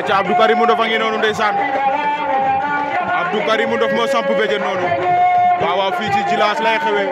acca Abdou Karim Ndof a ngi noonu ndeysaan Abdou Karim Ndof moo samp béjjën noonu waaw fii ci Djilass lay xewee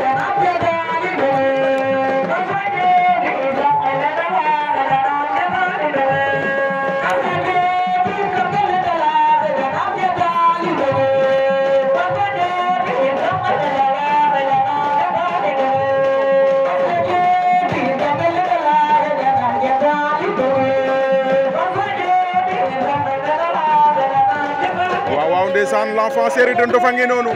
waaw ndeysaan l'enfant chéri de Ndofa ngi noonu